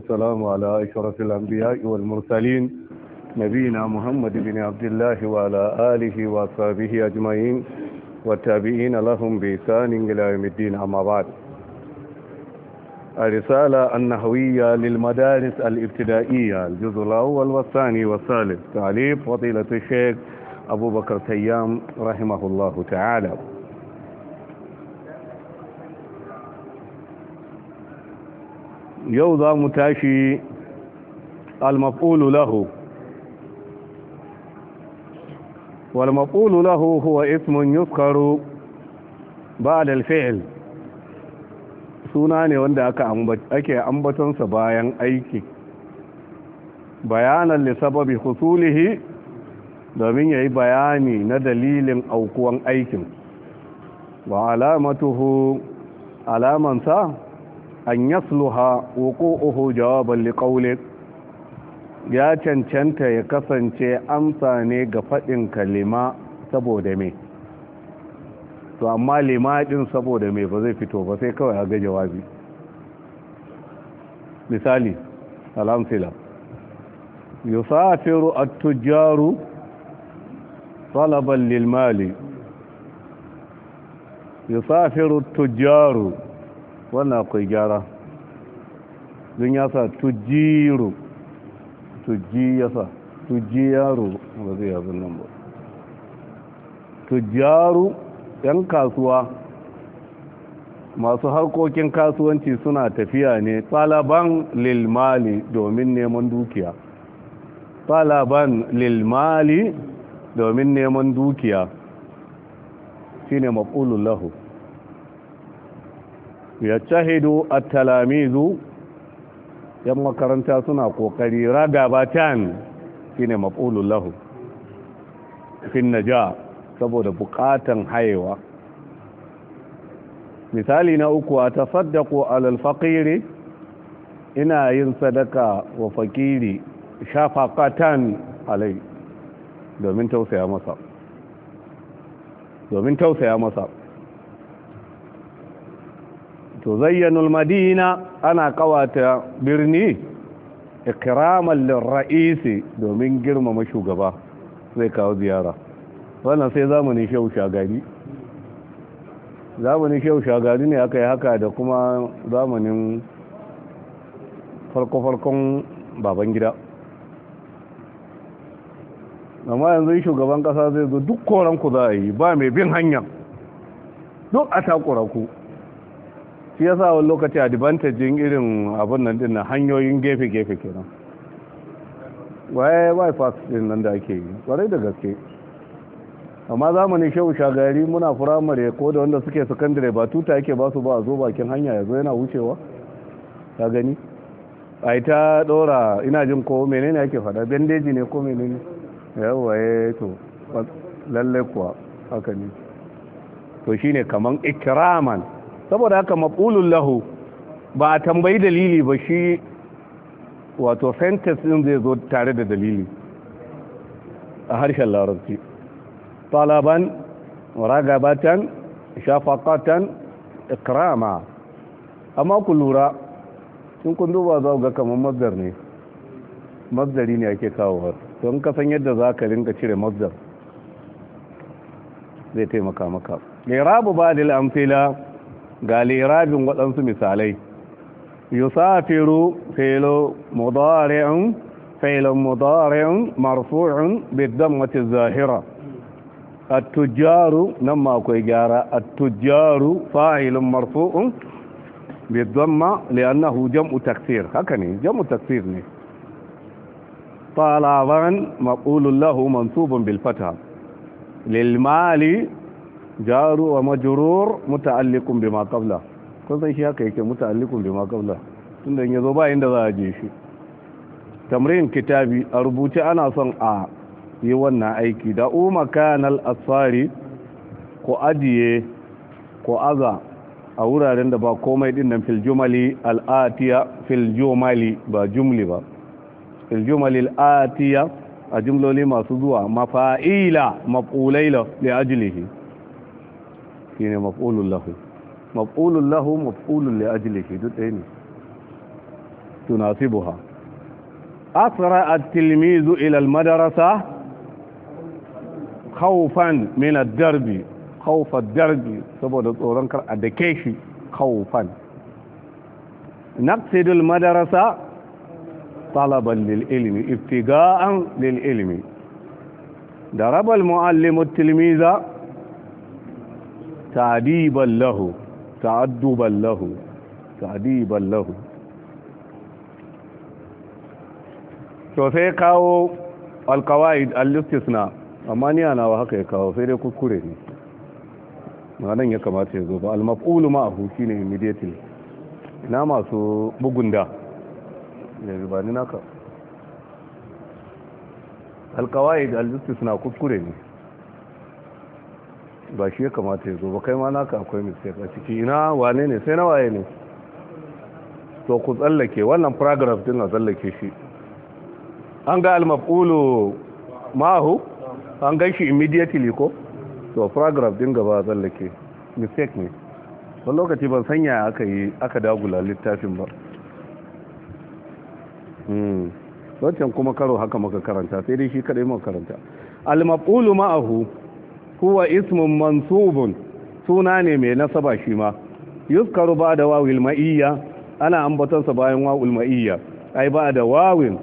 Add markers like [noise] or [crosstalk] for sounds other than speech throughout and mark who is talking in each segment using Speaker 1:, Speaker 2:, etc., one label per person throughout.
Speaker 1: والسلام على أشرف الأنبياء والمرسلين نبينا محمد بن عبد الله وعلى آله وصحبه أجمعين والتابعين لهم بإحسان إلى يوم الدين أما بعد الرسالة النحوية للمدارس الابتدائية الجزء الأول والثاني والثالث تعليق فضيلة الشيخ أبو بكر تيام رحمه الله تعالى yau za mu tashi al-maf'ulu lahu wal maf'ulu lahu huwa ismun yuzkaru ba'da al-fi'l suna ne wanda aka ake sa bayan aiki bayanan li sababi husulihi domin yayi bayani na dalilin aukuwan aikin wa alamatuhu alamansa an yasluha wuqu'uhu jawaban liqawlik ya cancanta ya kasance amsa ne ga fadin kalima saboda me to amma limadin saboda me ba zai fito ba sai kawai ga jawabi misali alamsila yusafiru at-tujjaru talaban lil mali yusafiru at-tujjaru wannan akwai gyara don ya sa tujiru tuji ya sa tuji yaro ba zai yanzu nan ba tujaru yan kasuwa masu harkokin kasuwanci suna tafiya ne tsalaban lilmali domin neman dukiya tsalaban lilmali domin neman dukiya shine maqulul lahu yattahidu a talamizu yan makaranta suna kokari ragabatan shine maf'ulul lahu na ja saboda buƙatan hayewa misali na uku a tafadda ko alalfaƙiri ina yin sadaka wa fakiri shafaqatan alai domin tausaya masa domin tausaya masa to zayyanul madina ana kawata birni ikraman ra'isi domin girmama shugaba zai kawo ziyara wannan sai zamanin shehu shagari zamanin shehu shagari ne aka yi haka da kuma zamanin farko-farkon baban gida amma yanzu shugaban kasa zai zo duk koranku za a yi ba mai bin hanya duk a takura ku shi yasa wani lokaci advantage irin abin nan din hanyoyin gefe-gefe kenan waye bypass din nan da ake yi kwarai da gaske amma zamanin shehu shagari muna firamare ko da wanda suke sakandare ba tuta yake ba su ba a zo bakin hanya ya zo yana wucewa ta gani a ta dora ina jin ko menene yake fada bandeji ne ko menene yawa ya eh to lallai kuwa haka ne to shine kaman ikiraman saboda haka maf'ulun lahu ba a tambayi dalili ba shi wato sentence ɗin zai zo tare da dalili a harshen larabci talaban ragabatan shafakatan ikrama amma ku lura in kun duba za ga kamar mazdar ne mazdari ne ake kawo har don ka san yadda za ka rinka cire mazdar zai taimaka maka Rabu ba da amfila gali rabin waɗansu misalai yusafiru filo mudari'un filon mudari'un marfu'un biddan wata zahira attujaru nan makwai gyara attujaru fa'ilun marfu'un biddan ma hu jam'u taksir haka ne jam'u taksir ne talaban maƙulun lahu mansubin bilfata lilmali. jaru wa majurur muta'alliqun bima qabla kun san shi haka yake muta'alliqun bima qabla tunda in yazo ba inda za a je shi tamrin kitabi a rubuce ana son a yi wannan aiki da umakanal asfari ko ajiye ko aza a wuraren da ba komai din nan filjumali al'atiya jumali ba jumli ba filjumali al'atiya a jumloli masu zuwa mafa'ila mafulaila da ajilihi ne maf'ulun lahu maf'ulun lahu maf'ulun li shi duk ɗaya ne tunasibuha asra a tilmizu ilal madarasa madrasa khawfan min ad-darbi khawfa ad-darbi saboda tsoron kar a dake shi khawfan naqsidu al madarasa talaban lil ilmi ibtiga'an lil ilmi daraba al-muallimu at-tilmiza ta'diban lahu ta'adduban lahu ta'diban lahu to sai kawo alkawaid al-istisna amma ni ana wa haka ya kawo sai dai kuskure ne nan ya kamata ya zo ba al-maf'ulu ma'ahu shine immediately ina masu bugunda da ribani naka alkawaid al-istisna kuskure ne ba shi ya kamata ya zo ba kai ma naka akwai mistake a ciki ina wane ne sai na waye ne to ku tsallake wannan paragraph din na tsallake shi an ga al-maf'ulu ma'ahu an gan shi immediately ko to paragraph din gaba tsallake mistake ne wani lokaci ban sanya aka yi aka dagula littafin ba hmm. wancan kuma karo haka maka karanta sai dai shi kadai maka karanta al-maf'ulu ma'ahu huwa ismun mansubun suna ne mai nasaba shi ma yuskaru ba da wawil ma'iyya ana ambatonsa bayan wawul ma'iyya ai ba da wawin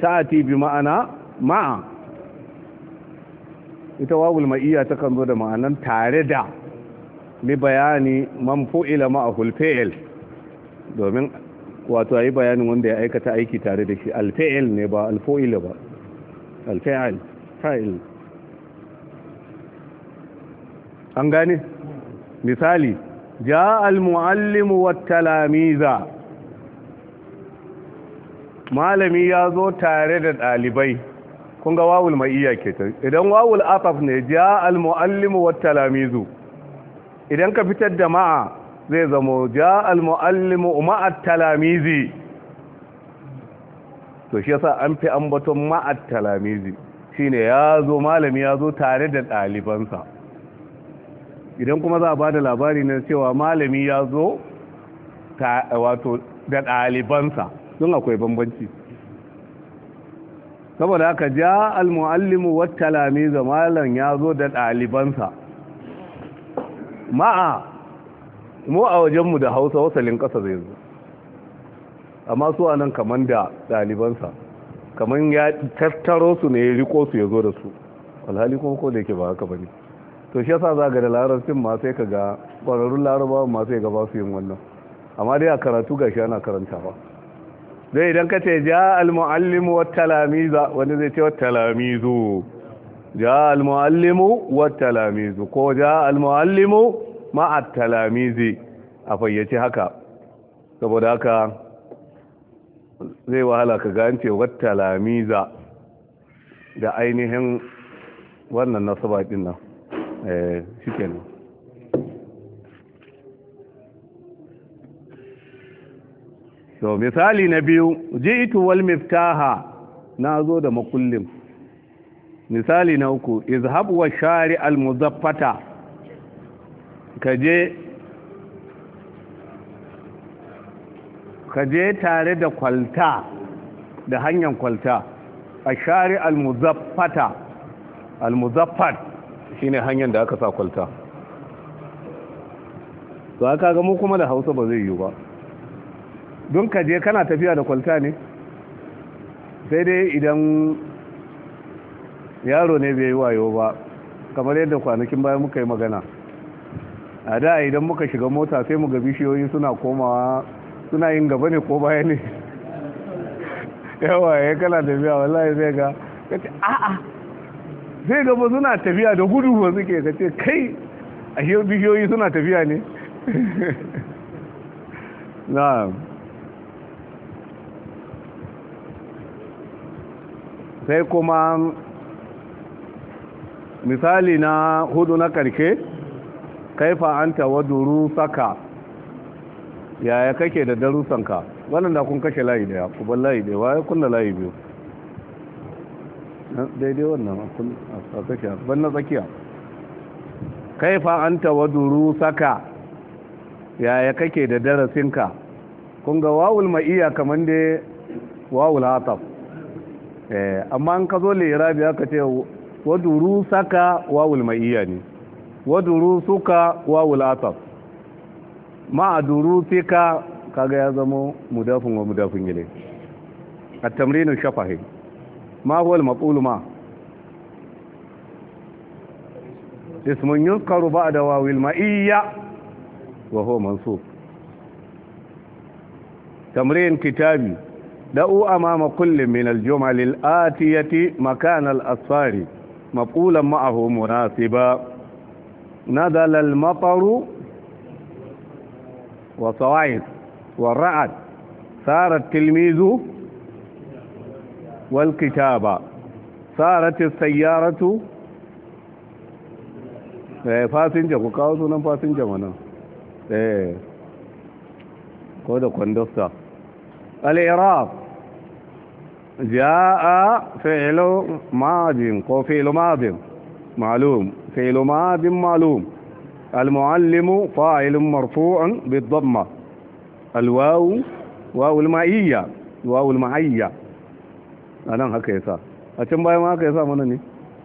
Speaker 1: ta'ati bi ma'ana ma'a ita wawul ma'iyya ta kan zo da ma'anan tare da li bayani man fu'ila ma'ahul fi'il domin wato ayi bayanin wanda ya aikata aiki tare da shi al-fi'il ne ba al-fu'ila ba al-fi'il fa'il an gane misali ja al-muallimu wa talamiza malami ya zo tare da ɗalibai kun ga wawul mai iya ke ta idan wawul afaf ne ja al-muallimu wa talamizu idan ka fitar da ma'a zai zamo ja al-muallimu ma'at talamizi to shi yasa an fi ambaton ma'at talamizi shine ya zo malami ya zo tare da ɗalibansa idan kuma za a ba da labari na cewa malami ya zo wato da ɗalibansa don akwai bambanci saboda aka ja almu'allimu wata lamiza malam ya zo da ɗalibansa ma'a mu a wajenmu da hausa wasalin ƙasa zai zo amma su a nan kamar da ɗalibansa kamar ya tattaro su ne ya riko su ya zo da su alhali kuma ko da yake ba haka ba ne to shi yasa za ga da larabcin ma sai ka ga ƙwararrun laraba ma sai ga ba su yin wannan amma dai a karatu ga shi ana ba Zai idan ka ce ja al-muallimu wa talamiza wani zai ce wa talamizu ja al-muallimu wa talamizu ko ja al-muallimu ma at talamizi a fayyace haka saboda haka zai wahala ka gance wa talamiza da ainihin wannan nasaba din nan eh shikenan misali na biyu ji'tu wal miftaha na zo da makullin misali na uku izhab wa shari al muzaffata kaje kaje tare da kwalta da hanyar kwalta a shari al muzaffata al muzaffat Shi ne hanyar da aka sa kwalta za ka ga mu kuma da hausa ba zai yi ba don ka je kana tafiya da kwalta ne sai dai idan yaro ne bai yi wayo ba kamar yadda kwanakin bayan muka yi magana a da idan muka shiga mota sai mu gabi bishiyoyi suna komawa suna yin gaba ne ko baya ne [laughs] yawa ya eh, kana tafiya wallahi zai ga a'a zai gaba suna tafiya da gudu ba suke ka ce kai a bishiyoyi suna tafiya ne [laughs] na sai kuma misali na hudu na karke kaifa an tawaduru saka yaya kake da darusanka wannan da kun kashe layi daya kuban layi daya waye kunna layi biyu daidai wannan a tsakiya ban na tsakiya kaifa an tawaduru saka yaya kake da darasinka kun ga wawul ma'iya kamar da wawul hataf eh, amma an ka zo lirabi aka ce waduru saka wawul ma'iya ne waduru suka wawul hataf duru fika kaga ya zama mudafin wa mudafin gile a tamrinin shafahin ما هو المقول ما اسم يذكر بعد واو المئية وهو منصوب تمرين كتابي دعو أمام كل من الجمل الآتية مكان الأصفار مقولا معه مناسبا نزل المطر وصواعد والرعد صار التلميذ والكتابة صارت السيارة فاسنجا إيه، كوكاوسو نم فاسنجا منا إيه. كودا كوندوستا الإعراب جاء فعل ماض وفعل ماض معلوم فعل ماض معلوم المعلم فاعل مرفوع بالضمة الواو واو المعية واو المعيه a nan haka ya sa a can bayan haka ya sa mana ne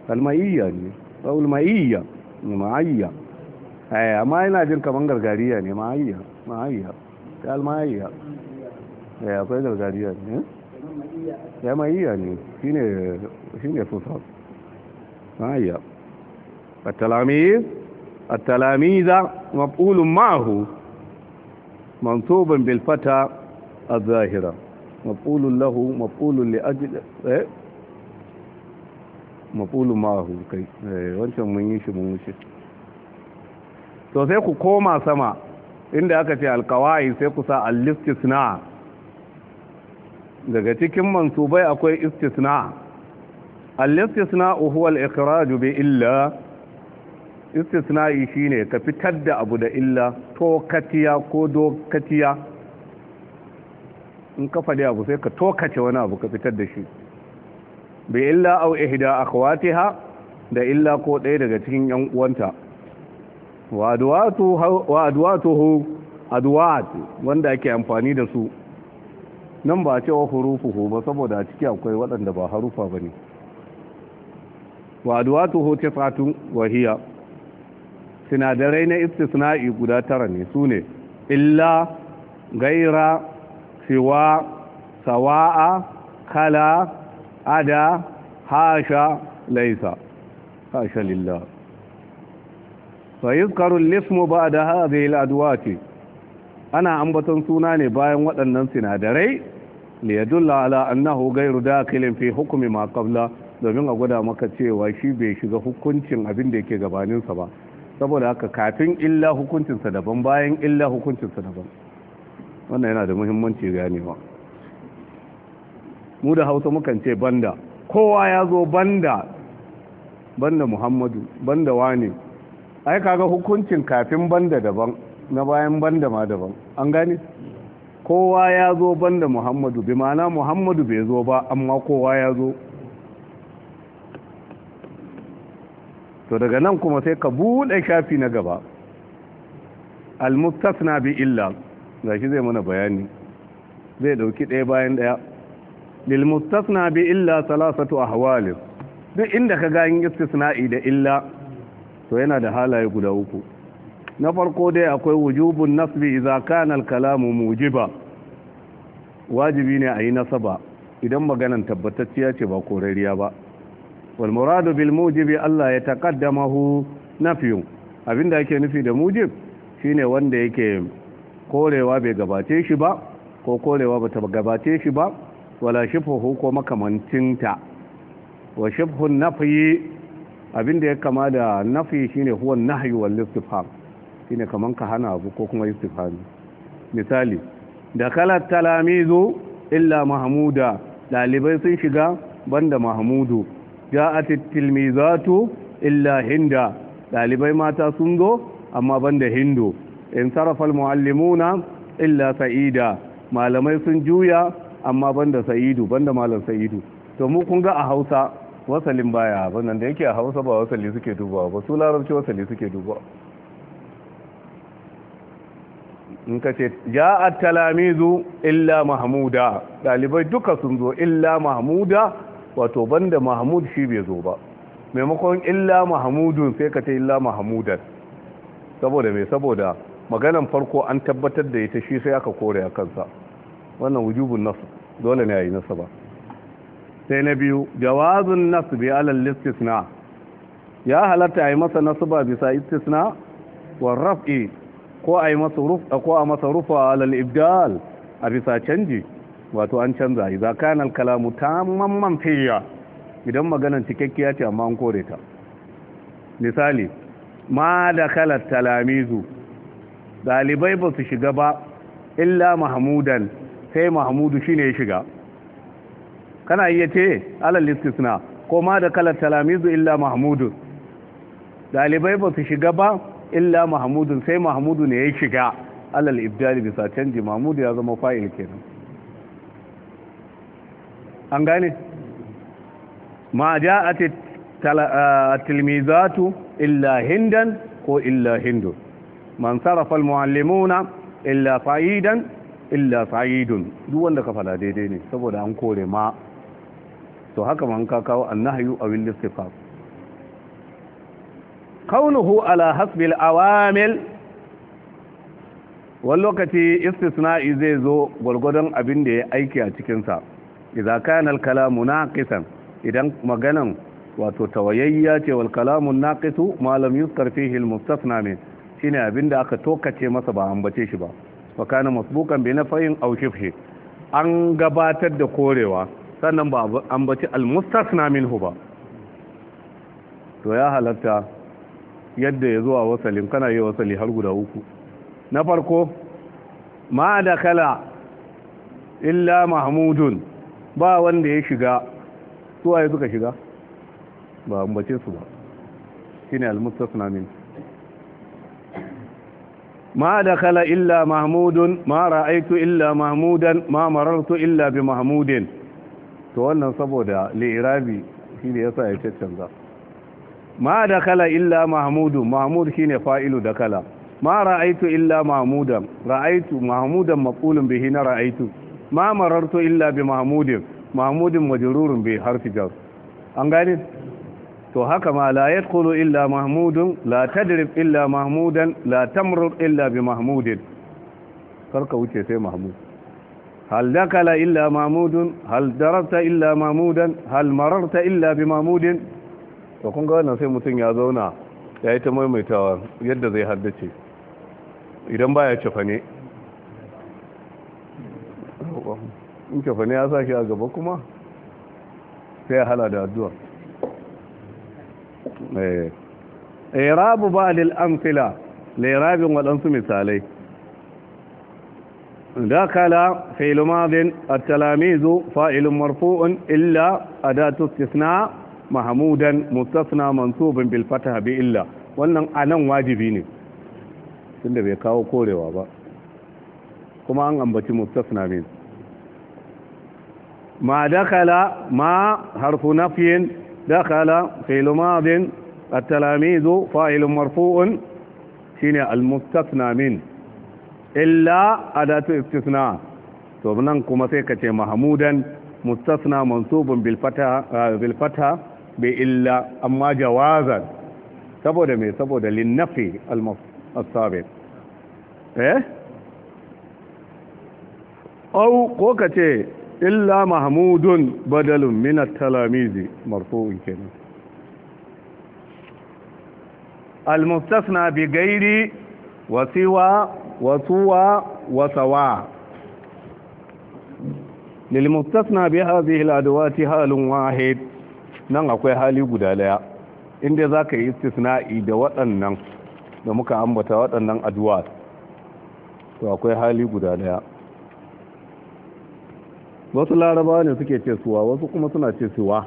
Speaker 1: almaiyya ne ulmaiyya ma'ayya eh, amma yana jin kamar gargariya ne ma'ayya ma'ayya ta almaiyya ya eh, akwai gargariya ne ya eh? ma'ayya ne shi ne fusa ma'ayya التلاميذ التلاميذ ma'ahu معه bilfata a zahira. mafulun lahu mafulun li ajli eh mafulun ma'ahu kai wancan mun yi shi mun wuce to sai ku koma sama inda aka ce alkawai sai ku sa al-istisna daga cikin mansubai akwai istisna al-istisna huwa al-ikhraj bi illa istisna'i shine ka fitar da abu da illa to katiya ko do katiya in kafa da abu sai ka tokace wani abu ka fitar da shi bi illa au ihda akhwatiha da illa ko ɗaya daga cikin yan uwanta wa adwatu wa adwatuhu adwat wanda ake amfani da su nan ba cewa hurufuhu ba saboda ciki akwai waɗanda ba harufa bane wa adwatuhu tisatu wa hiya sinadarai na istisna'i guda tara ne sune illa gaira siwa sawa'a kala ada hasha laisa hasha lillah fayizkaru lismu ba da haɗe ce. ana ambaton suna ne bayan waɗannan sinadarai yadulla ala annahu gairu dakilin fi hukumi ma qabla domin a gwada maka cewa shi bai shiga hukuncin abin da yake gabaninsa ba saboda haka kafin illa hukuncinsa daban bayan illa hukuncinsa daban wannan yana da muhimmanci ganewa mu da hausa mukan ce banda kowa ya zo banda banda muhammadu banda wani ai kaga hukuncin kafin banda daban na bayan banda ma daban an gane kowa ya zo banda muhammadu bi ma'ana muhammadu bai zo ba amma kowa ya zo to daga nan kuma sai ka buɗe shafi na gaba al-mustasna bi illa gashi zai mana bayani zai dauki ɗaya bayan ɗaya lil mustasna bi illa salasatu ahwal duk inda ka ga yin istisna'i da illa to yana da halaye guda uku na farko dai akwai wujubun nasbi idza kana al kalamu mujiba wajibi ne a yi nasaba idan maganan tabbatacciya ce ba korariya ba wal muradu bil mujibi Allah ya taqaddamahu nafiyun abinda yake nufi da mujib shine wanda yake korewa bai gabace shi ba ko korewa bata gabace shi ba wala shibhu ko makamantinta wa shibhu nafi abinda ya kama da nafi shine huwa nahyu wal istifham shine kaman ka hana abu ko kuma istifham misali da kala talamizu illa mahmuda dalibai sun shiga banda mahmudu ja'at tilmizatu illa hinda dalibai mata sun zo amma banda hindu in sarafal muallimuna illa sa'ida malamai sun juya amma banda sa'idu banda malam sa'idu to mu kun ga a Hausa wasalin baya wannan da yake a Hausa ba wasali suke dubawa ba su larabci wasali suke dubawa in ka ce ya at-talamizu illa mahmuda dalibai duka sun zo illa mahmuda wato banda mahmud shi bai zo ba maimakon illa mahmudun sai ka ce illa mahmudan saboda mai saboda maganan farko an tabbatar da ita shi sai aka kore a kansa wannan wujubun nasu dole ne a yi nasu ba sai na biyu jawazun nasu bi alal na ya halatta a yi masa nasu ba bisa istisna wa raf'i ko a yi masa rufa a alal ibdal a bisa canji wato an canza idza kana al kalamu tamamman fiya idan maganan cikakkiya ce amma an kore ta misali ma da kalat talamizu dalibai ba su shiga ba illa mahmudan sai mahmudu ne ya shiga kana iya ce alal listisna ko ma da kalar talamizu illa mahmudu dalibai ba su shiga ba illa mahmudun sai mahmudu ne ya shiga alal ibdali bisa canji mahmudu ya zama fa'il kenan an gane ma ja a tilmizatu illa hindan ko illa hindun man sarrafa almuallimuna illa sa'idan illa sa'idun duk wanda ka fada daidai ne saboda an kore ma to haka man ka kawo annahyu aw al kaunuhu ala hasbil awamil wani lokaci istisna'i zai zo gwargwadon abin da ya aiki a cikinsa idza kana al-kalamu naqisan idan maganan wato tawayayya ce wal kalamu naqisu ma lam yuzkar fihi min shine abin da aka tokace masa ba ambace shi ba wa kana masbukan bi nafayin aw shifshi an gabatar da korewa sannan ba ambaci almustasna minhu ba to ya halatta yadda ya zuwa wasalin kana yi wasali har guda uku na farko ma da kala illa mahmudun ba wanda ya shiga suwaye suka shiga ba ambace su ba shine almustasna minhu ma da kala illa mahmudun ma ra'aytu illa mahmudan ma marartu illa bi mahmudin to wannan saboda li'irabi shine yasa ya cancanza ma da kala illa mahmudu mahmud shine fa'ilu da kala. ma ra'aytu illa mahmudan ra'aitu mahmudan maqulun bihi na ra'aytu ma marartu illa bi mahmudin mahmudin majrurun bi harfi jar an gane to haka ma la yadkhulu illa mahmudun la tadrib illa mahmudan la tamrur illa bi mahmudin karka wuce sai mahmud hal dakala illa mahmudun hal darabta illa mahmudan hal mararta illa bi mahmudin to kun ga wannan sai mutum ya zauna ya yi ta maimaitawa yadda zai haddace idan baya cefa ne in cefa ne ya sa shi a gaba kuma sai ya hala da addu'a irabu eh. eh, ba lil amfila le rabin waɗansu misalai dakala fa'ilu madin at-talamizu fa'ilun marfu'un illa adatu istisna mahmudan mustasna mansubun bil fatha bi illa wannan anan wajibi ne tunda bai kawo korewa ba kuma an ambaci mustasna min ma dakala ma harfu nafyin دخل فعل ماض التلاميذ فاعل مرفوع شنو المستثنى من الا اداه استثناء تبنان كما سيكتي محمودا مستثنى منصوب بالفتحه بالفتحه بالا اما جوازا سبود مي سبود للنفي الصابت إيه أو كوكتي illa mahmudun badalun min at-talamizi marfu'un kenan al-mustasna bi ghairi wa siwa wa suwa wa sawa lil mustasna bi hadhihi al-adawati halun wahid nan akwai hali guda daya inda zaka yi istisna'i da waɗannan da muka ambata waɗannan adwa to akwai hali guda daya wasu larabawa ne suke ce suwa wasu kuma suna ce suwa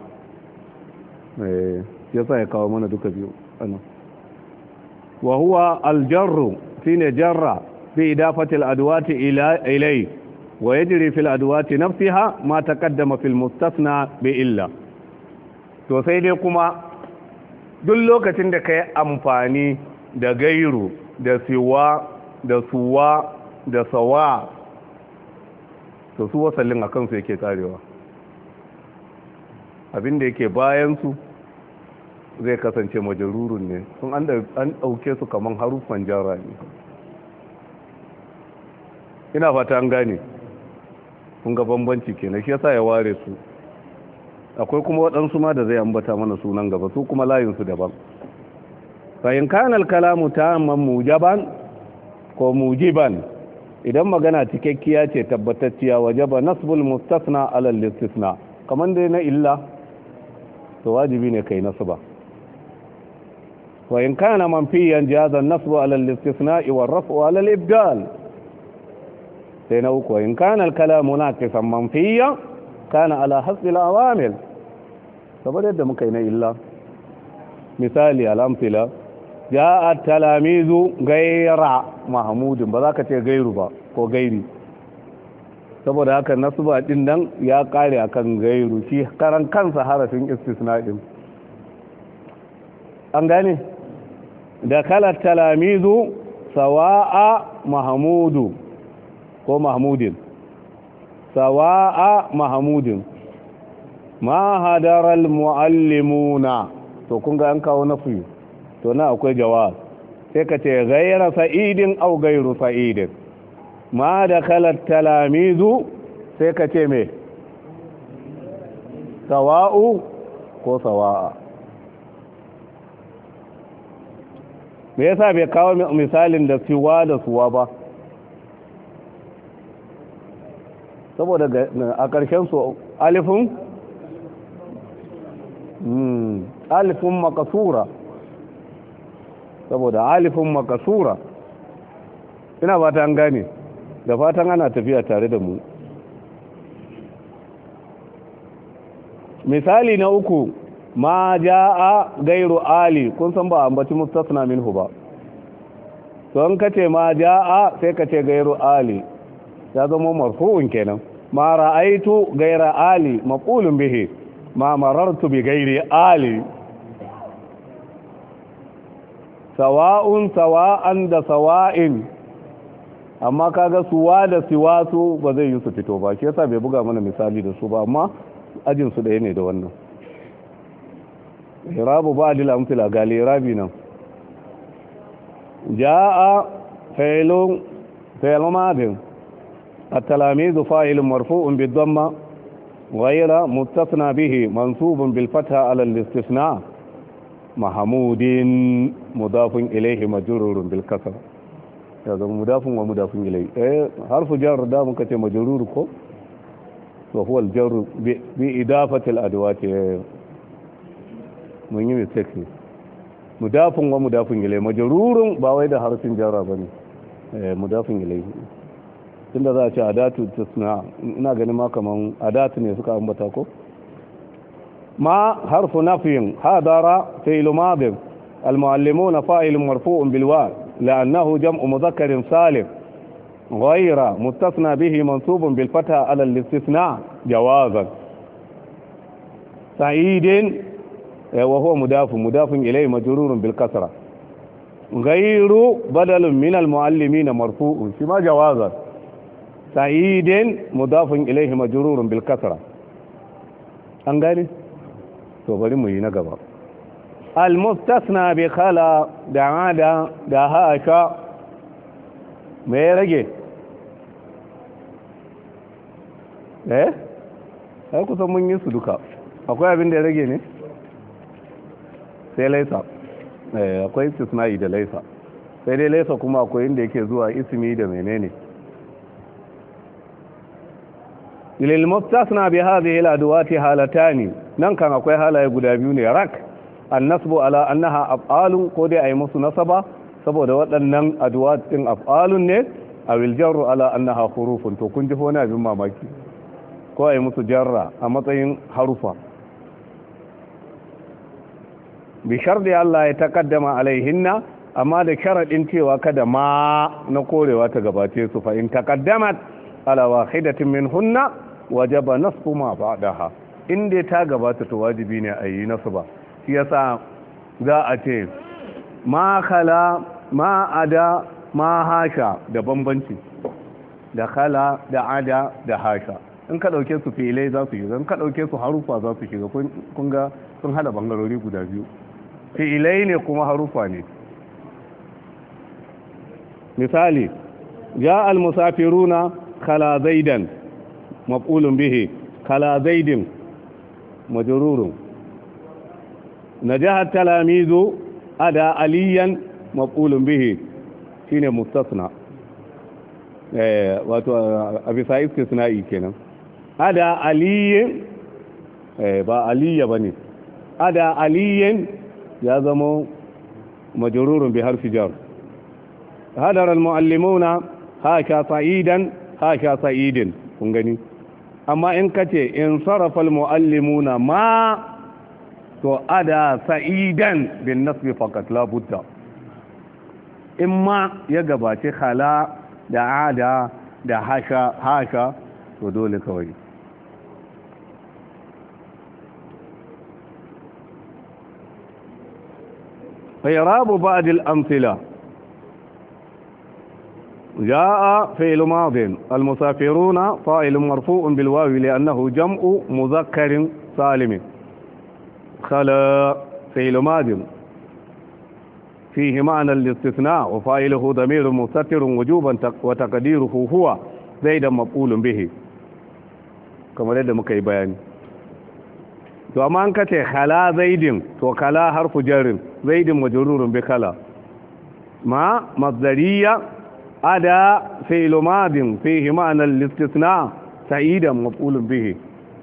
Speaker 1: eh, ya sa ya kawo mana duka biyu wa huwa aljarru shine jarra fi idafatil adwati ilai wa jiri fil adwati nafsiha ma ta kaddama fil mustafna bi illa to sai dai kuma duk lokacin da ka yi amfani da gairu da siwa da suwa da sawa to su wasallin a kansu yake karewa abinda yake bayansu zai kasance majarurun ne sun an ɗauke su kamar harufan jara ne ina fata an gane sun ga bambanci kenan shi yasa ya ware su akwai kuma waɗansu ma da zai ambata mana sunan gaba su kuma layinsu daban fahimkanar kanal kalamu ta mujaban ko mujiban idan magana cikakkiya ce tabbatacciya waje ba nasbul mustasna alal listisna kamar dai na illa to wajibi ne kai nasu ba. wa in kana manfiyan jaza nasbu alal listisna wa rafu alal ibdal sai na uku in kana al-kalamu naqisan yan kana ala hasbi al-awamil saboda yadda muka yi na illa misali alamfila. Ya a talamizu gaira mahamudin ba za ka ce gairu ba ko gairi saboda haka ba ɗin nan ya kare akan gairu shi karan kansa harafin istisna an gane da kala talamizu sawa'a mahamudu ko mahamudin sawa'a mahamudin ma hadaral muallimuna to kun ga an kawo nafi to na akwai jawab sai ka ce gaira sa'idin au gairu sa'idin ma da kalar talamizu sai ka ce mai sawa'u ko sawa'a me yasa bai kawo misalin da siwa da suwa ba saboda a ƙarshen su alifin hmm, alifin makasura saboda alifin makasura ina fata an gane da fatan ana tafiya tare da mu misali na uku ma ja a gairu ali kun san ba a ambaci mustasna minhu ba to an kace ma ja a sai kace gairu ali ya zama marfu'un kenan ma ra'aitu gaira ali maqulun bihi ma marartu bi gairi ali sawa'un sawa'an da sawa'in amma kaga suwa da siwa su ba zai yi su fito ba shi yasa bai buga mana misali da su ba amma ajin su ɗaya ne da wannan irabu ba adil amfila gali rabi nan ja'a failun failun madin التلاميذ فاعل مرفوع بالضمة غير مستثنى bil منصوب بالفتحة على الاستثناء mahamudin mudafin ilaihi majururun bil kasar ya zama mudafin wa mudafin ilai eh harfu jar da muka ce majrur ko wa huwa al jar bi ce al adwat mun yi mistake mudafin wa mudafin ilai majururun ba wai da harfin jarra ba eh mudafin ilaihi tunda za a ce adatu tasna ina ganin ma kaman adatu ne suka ambata ko ما حرف نفي هذا فعل ماض المعلمون فاعل مرفوع بالواو لأنه جمع مذكر سالم غير مستثنى به منصوب بالفتح على الاستثناء جوازا سعيد آه، وهو مضاف مضاف إليه مجرور بالكسرة غير بدل من المعلمين مرفوع فيما جوازا سعيد مضاف إليه مجرور بالكسرة أنقالي to bari mu yi na gaba al-mustasna bi khala da ada da hasha me ya rage eh ai kusan mun yi su duka akwai abin da ya rage ne sai laisa eh akwai istisna'i da laisa sai dai laisa kuma akwai inda yake zuwa ismi da menene lilmustasna bi hadhihi al-adwati halatani nan kan akwai halaye guda biyu ne rak annasbu ala annaha af'alun ko dai nasaba saboda waɗannan adwat din af'alun ne awil jarru ala annaha hurufun to kun ji wani abin mamaki ko yi musu jarra a matsayin harufa bi da Allah ya taqaddama alaihinna amma da sharadin cewa kada ma na korewa ta gabace su fa in taqaddamat ala wahidatin hunna wajaba nasu ma faɗaha inda ta gabata to wajibi ne a yi nasu ba shi ya sa za a ce ma kala ma ada ma hasha da bambanci da kala da ada da hasha in ka ɗauke su filai za su shiga in ka ɗauke su harufa za su shiga kun ga sun hada bangarori guda biyu fi'ilai ne kuma harufa ne misali ja al-musafiruna khala zaidan maf'ulun bihi kala zaidin majrurun najaha talamizu ada aliyan maf'ulun bihi shine mustasna wato a bisa istisna'i kenan ada aliyin eh ba aliya bane ada aliyin ya zama majrurun bi harfi jar hadara al-muallimuna haka sa'idan haka sa'idin kun gani amma in ka ce in sarrafa al’allimuna ma to ada sa'idan bin nasbi fakat labuta in ma ya gabace kala da ada da hasha hasha to dole kawai irabu ba'adil amsila جاء فعل ماض المسافرون فاعل مرفوع بالواو لانه جمع مذكر سالم خلا فعل ماض فيه معنى الاستثناء وفاعله ضمير مستتر وجوبا وتقديره هو زيد مفعول به كما لدى مكي بياني تو اما an kace khala zaidin to khala harfu jarin zaidin majrurun bi khala ma ada fi'lu madin fihi ma'ana al-istithna sa'idan maf'ulun bihi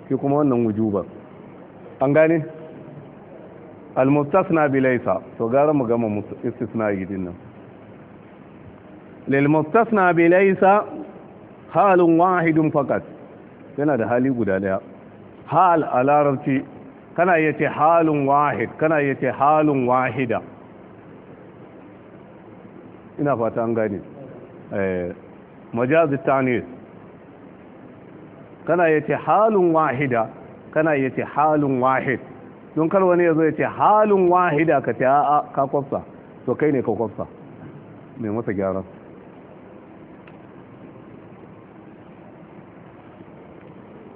Speaker 1: shi kuma wannan wujuba an gane al-mustasna bi laysa to gara mu gama istisna yidin nan lil mustasna bi laysa halun wahidun fakat yana da hali guda daya hal a larabci kana iya ce halun wahid kana iya ce halun wahida ina fata an gane Eh, majazi tanis kana yace halun wahida kana yace halun wahid don kar wani yazo yace halun wahida ka ta ka kwafsa to kai ne ka kwafsa mai masa gyara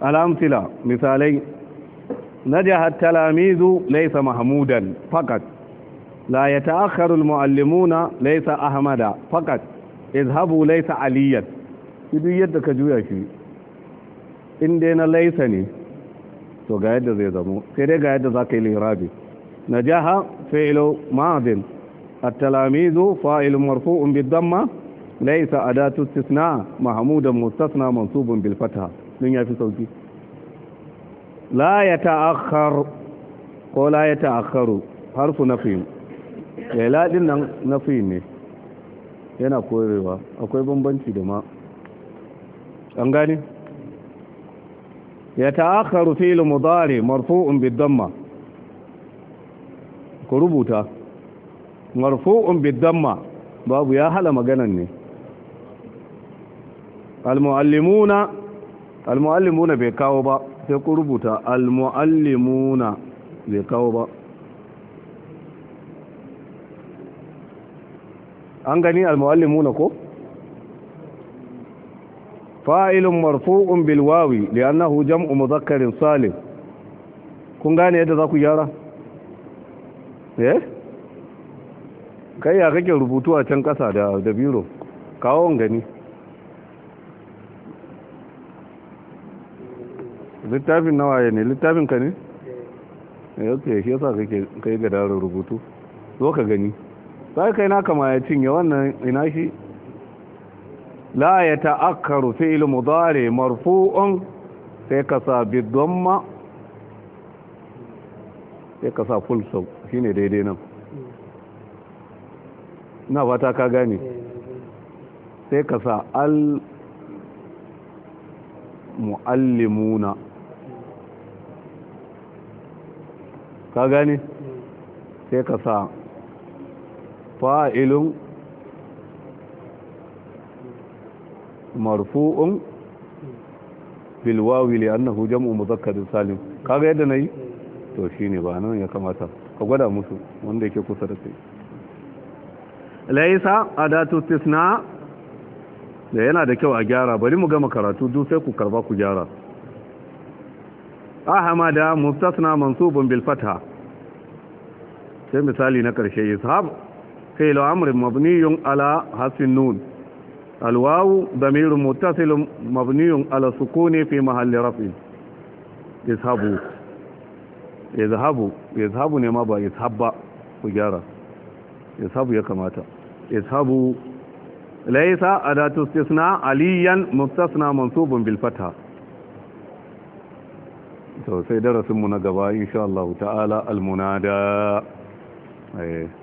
Speaker 1: al'amtila misalai نجح التلاميذ ليس محمودا فقط لا يتأخر المعلمون ليس أحمدا فقط izhabu laisa aliyan Idu yadda ka juya shi in na laisa ne to ga yadda zai zamo sai dai ga yadda za ka yi lirabi na jaha fa'ilo ma'azin a talamizo fa'ilo marfo in bi damma laisa a datu tisna mahamudan mustasna mansubin bilfata din ya fi sauki la ya ta'akhar ko la ya ta'akharu harfu nafi ya eh, ladin nan nafi ne yana korewa akwai bambanci da ma an gane ya ta'akharu fi'l mudari marfu'un bid-damma ku rubuta marfu'un bid-damma babu ya hala maganan ne al-muallimuna al-muallimuna bai kawo ba sai ku rubuta al-muallimuna bai kawo ba an gani na ko fa'ilun marfu'un bil wawi li'annahu jam'u mudhakkarin salim kun gane yadda za ku gyara eh kai ya kake rubutu a can kasa da da biro kawo gani littafin ya ne littafin ka ne eh. eh okay shi yasa kake kai ga rubutu zo ka gani sai kai na kama ya cinye wannan ina shi la ya ta'akkaru fi'il mudari marfu'un sai ka sa bidamma sai ka sa full stop shine daidai nan na fata ka gani. sai ka sa al mu'allimuna ka gani? sai ka sa fa'ilun marfu'un bilwawi li'annahu jam'u muzakkarin salim kaga yadda na yi to shi ne ba nan ya kamata ka gwada musu wanda yake kusa da kai laisa adatu istisna da yana da kyau a gyara bari mu gama karatu duk sai ku karba ku gyara A ahmada mustasna mansubun bil fatha sai misali na karshe ishab فعل امر مبني على حذف النون الواو ضمير متصل مبني على السكون في محل رفع يذهبوا يذهبوا يذهبوا ne ma ba yadhhabba ku gyara yadhhabu ya kamata yadhhabu laysa adatu istisna aliyan mustasna mansubun bil fatha to sai darasin mu na gaba insha Allah ta'ala al munada eh